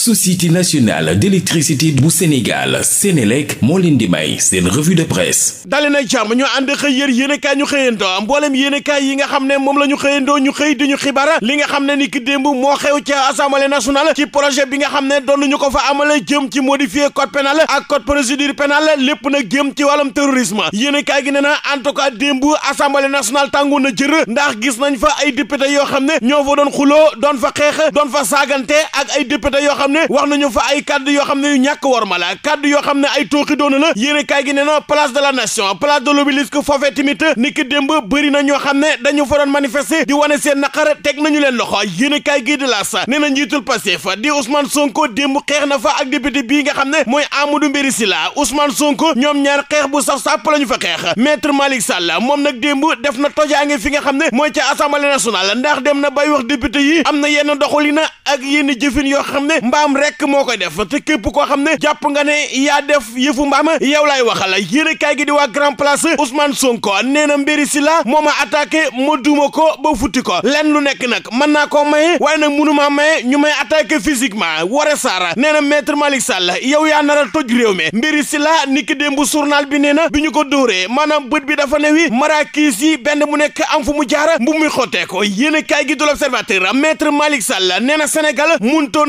société nationale d'électricité bu Sénégal Sénélec moo leen di may seen revue de presse dali na jàmm ñu ànd xëy yër yéenekaay ñu xëyandoo mbooleem yéenekaay yi nga xam ne moom la ñu ñu xëy di ñu xibaar li nga xam ne ni ki démb moo xew ci assemblée nationale ci projet bi nga xam ne doon ñu ko fa amale jëm ci modifier code pénal ak code procédure pénale lépp na jëm ci wàllum terrorisme yéenekaay gi ne na en tout cas démb assemblée nationale tàngoon na jër ndax gis nañ fa ay député yoo xam ne ñoo fa doon xuloo doon fa xeex doon fa saagante ak ay député yoo xam xam wax nañu fa ay kaddu yoo xam ne yu ñàkk war ma la kaddu yoo xam ne ay tooxi doona la yéene kaay gi nee na place de la nation place de l'obélisque foofee tamit niki démb bëri na ñoo xam ne dañu fa doon manifester di wane seen naqar teg nañu leen loxo yéene kaay gi di laas nee na njiitul Pastef di Ousmane Sonko démb xeex na fa ak député bii nga xam ne mooy Amadou Mbéri Sylla Ousmane Sonko ñoom ñaar xeex bu saf sàpp lañu fa xeex maître Malick Sall moom nag démb def na tojaange fi nga xam ne mooy ca assemblée nationale ndax dem na bay wax yi am na yenn doxalin ak yenn jëfin yoo xam ne mbaam rek ko koy def te képp koo xam ne jàpp nga ne yaa def yëfu mbaam yow laay waxal yéen kaay gi di waa grand place Ousmane Sonko nee na mbiri si la moo ma attaqué ko ba futti ko lenn lu nekk nag mën naa koo maye waaye nag munu maa maye ñu may attaqué physiquement wara saara nee na maître Malick Sall yow yaa nar a toj réew mi mbiri si la niki démb bi nee na bi ñu ko dóoree maanaam bët bi dafa ne wi maraakiis yi benn mu nekk am fu mu jaara mbu muy xottee ko yéen kaay gi du l'observateur maître Malick Sall nee na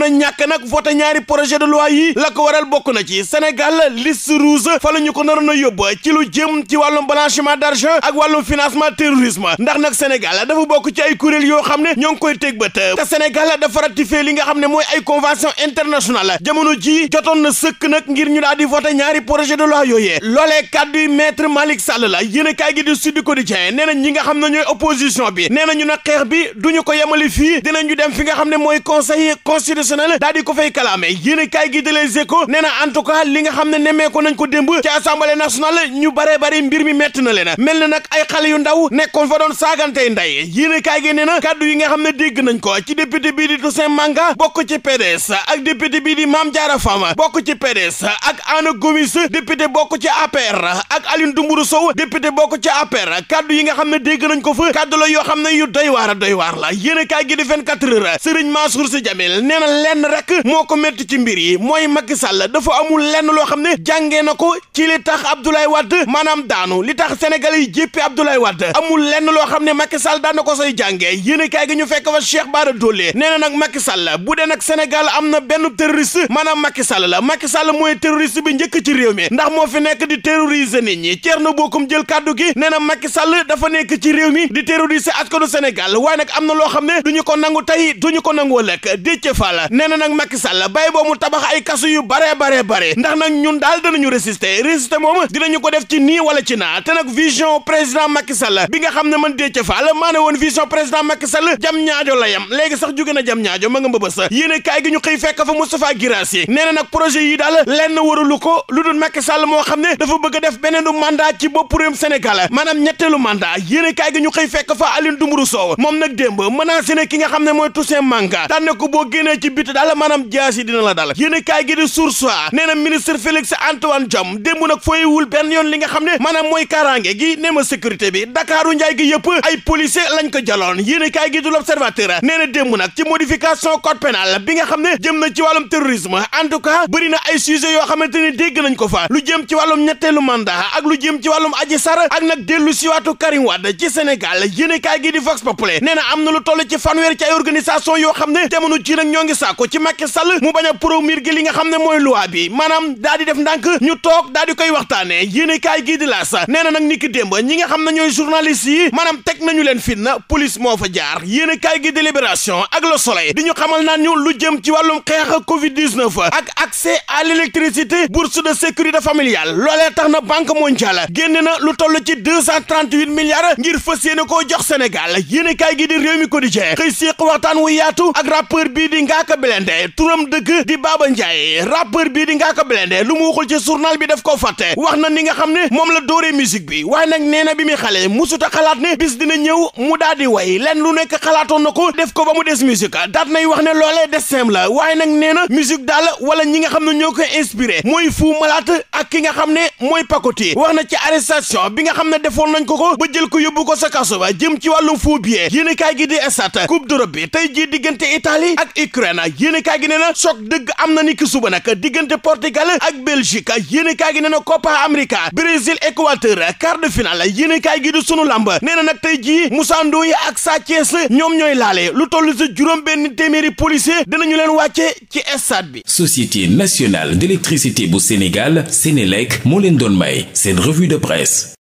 na ñàkk nag nag voté ñaari projet de loi yi la waral bokk na ci Sénégal liste rouge fa la ñu ko naroon a yóbbu ci lu jëm ci wàllum blanchiment d'argent ak wàllum financement terrorisme ndax nag Sénégal dafa bokk ci ay kuréel yoo xam ne ñoo ngi koy teg bët te Sénégal dafa ratifié li nga xam ne mooy ay convention internationale jamono ji jotoon na sëkk nag ngir ñu daal di voté ñaari projet de loi yooyee loolee kàddu yi maître Malick Sall la yéen kaay gi di Sud nee na ñi nga xam ne ñooy opposition bi nee na ñu nag xeex bi duñu ko yemali dem fi nga xam ne mooy conseil constitutionnel daal di ko fay kalaame yéen kaay gi de Les Échos nee en tout cas li nga xam ne nemmeeku nañ ko démb ci assemblée nationale ñu bare bare mbir mi metti na leen mel na nag ay xale yu ndaw nekkoon fa doon saagantey nday yéen kaay gi nee na kàddu yi nga xam ne dégg nañ ko ci député bii di Toussaint Manga bokk ci PDS ak député bii di Mame Diarra bokk ci PDS ak Anna Gomis député bokk ci APR ak Alioune Dumburu Sow député bokk ci APR kàddu yi nga xam ne dégg nañ ko fa kàddu yoo xam ne yu doy a doy waar la yéen kaay gi di 24 heures Serigne Mansour moo ko metti ci mbir yi mooy Macky Sall dafa amul lenn loo xam ne jàngee na ko ci li tax Abdoulaye Wade maanaam daanu li tax Sénégal yi jéppi Abdoulaye Wade amul lenn loo xam ne Macky Sall daan ko say jàngee yéen a kaay gi ñu fekk fa Cheikh Bara Dolly nee na nag Macky Sall bu dee nag Sénégal am na benn terroriste maanaam Macky Sall la Macky Sall mooy terroriste bi njëkk ci réew mi ndax moo fi nekk di terroriser nit ñi Thierno Bocoum jël kàddu gi nee na Macky Sall dafa nekk ci réew mi di terroriser askanu Sénégal waaye nag am na loo xam ne duñu ko nangu tey duñu ko nangu ëllëg Déthié nee na nag Macky Sall bay boo mu tabax ay kasu bare bare bare ndax nag ñun daal danañu résister résister moom dinañu ko def ci nii wala ci naa te nag vision président Macky bi nga xam ne man Déthié Fall maa ne woon vision président Macky Sall jam ñaajo la yam léegi sax jóge jam ñaajo ma nga mbëbës yéen kaay gi ñu xëy fekk fa Moustapha Guirassy nee nag projet yi daal lenn warulu ko lu dul Macky Sall moo xam ne dafa bëgg a def beneenu mandat ci bopp ci biti daal maanaam am jaasi dina la dal yéen a kaay gi di source nee na ministre Félix Antoine Diome démb nag fooyiwul benn yoon li nga xam ne maanaam mooy kaaraange gi nee ma bi Dakaaru njaay gi yëpp ay policier lañ ko jaloon yéen a kaay gi du l'observateur na ci modification code pénal bi nga xam ne jëm na ci wàllum terrorisme en tout ay sujets yoo xamante ni dégg nañ ko fa lu lu jëm ci wàllum aji sar ak nag a kaay gi lu toll ci fanweer ci ay organisation yoo nag ñoo ngi Macky Sall mu bañ a promulguer li nga xam ne mooy loi bi maanaam daa di def ndànk ñu toog daa di koy waxtaane yéen kaay gii di laas nee na nag ni ki démb ñi nga xam na ñooy journaliste yi maanaam teg nañu leen fitna police moo fa jaar yéen kaay gi di Libération ak Le Soleil di ñu xamal naan ñu lu jëm ci wàllum xeex Covid 19 ak accès à l'électricité bourse de sécurité familiale loolee tax na banque mondiale génne na lu toll ci deux cent trente huit milliards ngir fas jox Sénégal yéen kaay gi di réew mi quotidien xëy séeq waxtaan bii di Ngaaka Blindé turam dëgg di Baba Ndiaye rappeur bii di Ngaaka Blindé lu mu waxul ci journal bi def koo fàtte wax na ni nga xam ne moom la doore musique bi waaye nag nee na bi muy xale musuta xalaat ne bis dina ñëw mu daal di way lenn lu nekk xalaatoon na ko def ko ba mu des musique daat nay wax ne loolee destin la waaye nag nee na musique daal wala ñi nga xam ne ñoo ko inspiré mooy Fou malaat ak ki nga xam ne mooy Pakoti wax na ci arrestation bi nga xam ne defoon nañ ko ko ba jël ko yóbbu ko sa kaso ba jëm ci wàllum faux billets yéen gi di estat coupe d'Europe bi tey jii diggante Italie ak Ukraine yéen a kaay gi ne na choc dëgg am na ni ki suba nag diggante Portugal ak Belgique yéen kaay gi ne na Copa America Brésil Équateur quart de finale yéen kaay gi du sunu lamb nee na nag tey jii Moussa Ndoye ak Sa Thiès ñoom ñooy laale lu toll juróom benn téeméeri policier dinañu leen wàcce ci stade bi. Société nationale d'électricité bu Sénégal Sénélec moo leen doon may seen revue de presse.